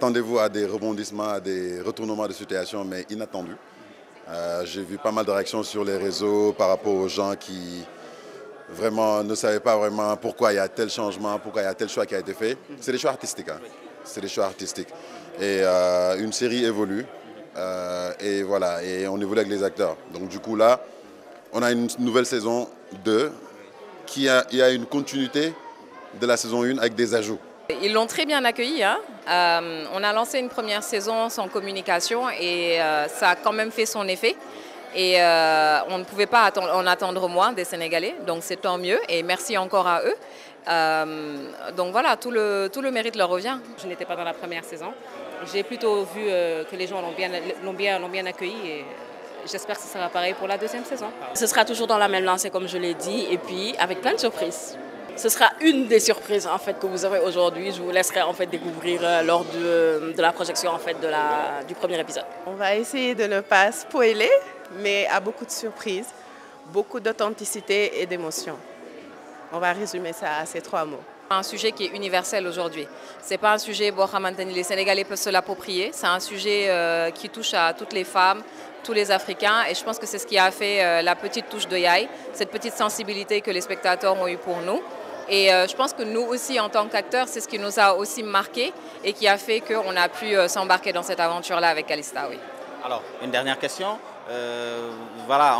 attendez-vous à des rebondissements, à des retournements de situation, mais inattendus. Euh, j'ai vu pas mal de réactions sur les réseaux par rapport aux gens qui vraiment ne savaient pas vraiment pourquoi il y a tel changement, pourquoi il y a tel choix qui a été fait. C'est des choix artistiques. Hein. C'est des choix artistiques. Et euh, une série évolue. Euh, et voilà, et on évolue avec les acteurs. Donc du coup là, on a une nouvelle saison 2 qui a, y a une continuité de la saison 1 avec des ajouts. Ils l'ont très bien accueilli, hein euh, on a lancé une première saison sans communication et euh, ça a quand même fait son effet. Et euh, on ne pouvait pas en attendre moins des Sénégalais, donc c'est tant mieux et merci encore à eux. donc voilà, tout le, mérite leur revient. Je n'étais pas dans la première saison. J'ai plutôt vu que les gens l'ont bien, bien, bien accueilli et j'espère que ce sera pareil pour la deuxième saison. Ce sera toujours dans la même lancée comme je l'ai dit et puis avec plein de surprises ce sera une des surprises en fait que vous aurez aujourd'hui. Je vous laisserai en fait découvrir euh, lors euh, de, la projection en fait de la, du premier épisode. On va essayer de ne pas spoiler, mais à beaucoup de surprises, beaucoup d'authenticité et d'émotion. On va résumer ça à ces trois mots un sujet qui est universel aujourd'hui. Ce n'est pas un sujet, les Sénégalais peuvent se l'approprier. C'est un sujet euh, qui touche à toutes les femmes, tous les Africains. Et je pense que c'est ce qui a fait la petite touche de Yai, cette petite sensibilité que les spectateurs ont eue pour nous. Et euh, je pense que nous aussi, en tant qu'acteurs, c'est ce qui nous a aussi marqué et qui a fait qu'on a pu euh, s'embarquer dans cette aventure-là avec Calista. Oui. Alors, une dernière question. Euh, voilà,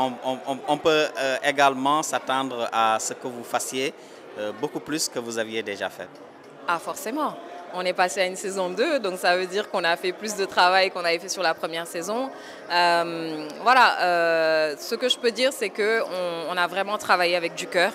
on, peut également s'attendre à ce que vous fassiez beaucoup plus que vous aviez déjà fait. Ah, forcément. On est passé à une saison 2, donc ça veut dire qu'on a fait plus de travail qu'on avait fait sur la première saison. voilà, ce que je peux dire, c'est qu'on on a vraiment travaillé avec du cœur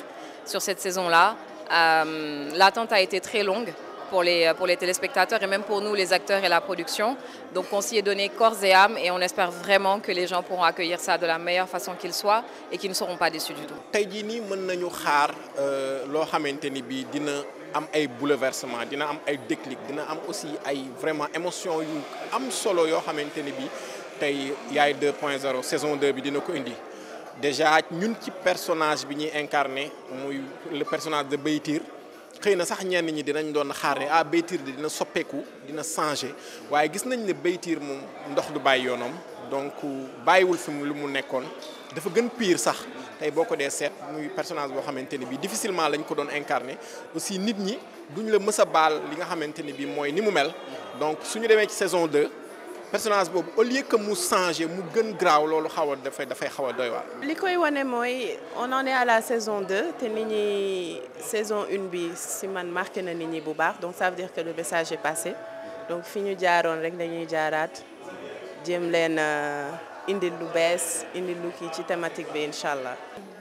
sur cette saison-là. Euh, l'attente a été très longue pour les, euh, pour les téléspectateurs et même pour nous, les acteurs et la production. Donc on s'y est donné corps et âme et on espère vraiment que les gens pourront accueillir ça de la meilleure façon qu'ils soient et qu'ils ne seront pas déçus du tout. tey jii nii mën nañu xaar euh, loo xamante ni bii dina am ay bouleversement dina am ay déclic dina am aussi ay vraiment émotion yu am solo yo bi tay 2.0 saison 2 bi dina ko indi déjà ñun ci personnage bi incarné le personnage de Beytir xeyna sax ñenn ñi dinañ doon xaar ne ah, Beytir dina soppeku dina gis nañ ne Beytir ndox du bay yonom donc bayiwul fi lu mu dafa gën pire sax tay boko dé personnage xamanteni bi difficilement lañ ko doon incarné aussi nit ñi duñ la li nga ni mu mel donc suñu ci saison 2 personnage bobu au lieu que mu changé mu gën graw loolu xaw da fay da fay xawa doy waar. li koy wane mooy on en est à la saison 2 té nit ñi saison 1 bi si man marqué na nit ñi bu baax donc ça veut dire que le message est passé donc fi ñu jaaroon rek dañuy jaaraat jëm leen euh, indi lu bees indi lu ki ci thématique bi inshallah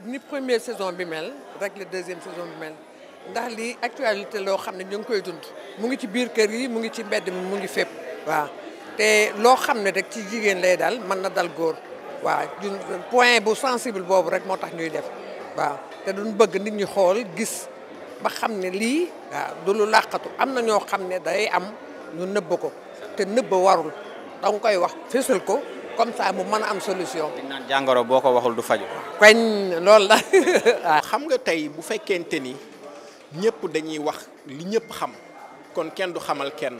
ni première saison bi mel rek la deuxième saison bi mel. ndax li actualité lo xam ñu ngi koy dund mu ngi ci biir kër yi mu ngi ci mbedd mu ngi fépp waaw te loo xam ne rek ci jigéen lay daal mën na dal góor waaw point bu sensible boobu rek moo tax ñuy def waaw te duñ bëgg nit ñu xool gis ba xam ne lii waaw du lu làqatu am na ñoo xam ne day am ñu nëbb ko te nëbb warul da koy wax fésal ko comme ça mu mën a am solution. dañ jàngoro boo ko waxul du faju kañ loolu la. xam nga tey bu fekkente ni ñëpp dañuy wax li ñëpp xam kon kenn du xamal kenn.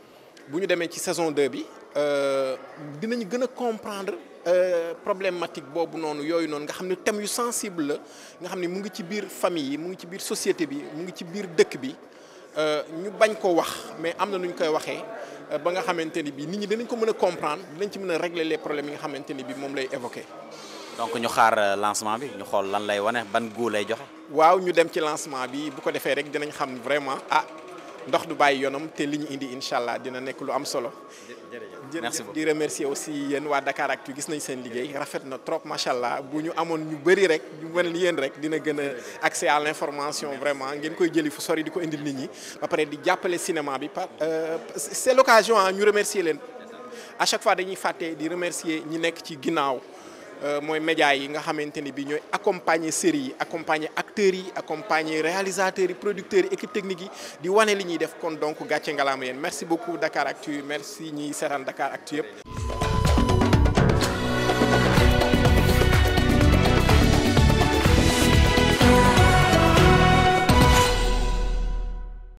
bu ñu demee ci saison 2 bi euh, dinañ gën a comprendre euh, problématique boobu noonu yooyu noonu nga xam thème yu sensible la nga xam mu ngi ci biir famille yi mu ngi ci biir société bi mu ngi ci biir dëkk bi euh, ñu bañ ko wax mais am na nu koy waxee ba nga xamanteni bi nit ñi dinañ ko mën comprendre dinañ ci mëna régler les problèmes yi nga xamanteni bi mom lay évoquer. donc ñu xaar lancement bi ñu xol lan lay wane ban goût lay joxe. waaw ñu dem ci lancement bi bu ko défé rek dinañ xam vraiment ah ndox du baye yonam té li indi inshallah dina nek lu am solo. merci di remercier aussi wa dakar ak tu gis nañ sen liguey rafet na trop machallah buñu amone ñu amoon bëri rek ñu wone ni rek dina gëna accès à l'information vraiment ngeen koy jëli fu sori diko indi nit ñi ba pare di jappalé cinéma bi par c' est ñu remercier leen à chaque fois dañuy faté di remercier ñi nek ci ginnaaw. Euh, mooy média yi nga xamante ni bi ñooy accompagner série yi accompagner acteurs yi accompagner réalisateurs yi producteurs yi équipe technique yi di wane li ñuy def kon donc gàcce ngalaama yéen merci beaucoup Dakaractu merci ñiy seetaan Dakaractu yëpp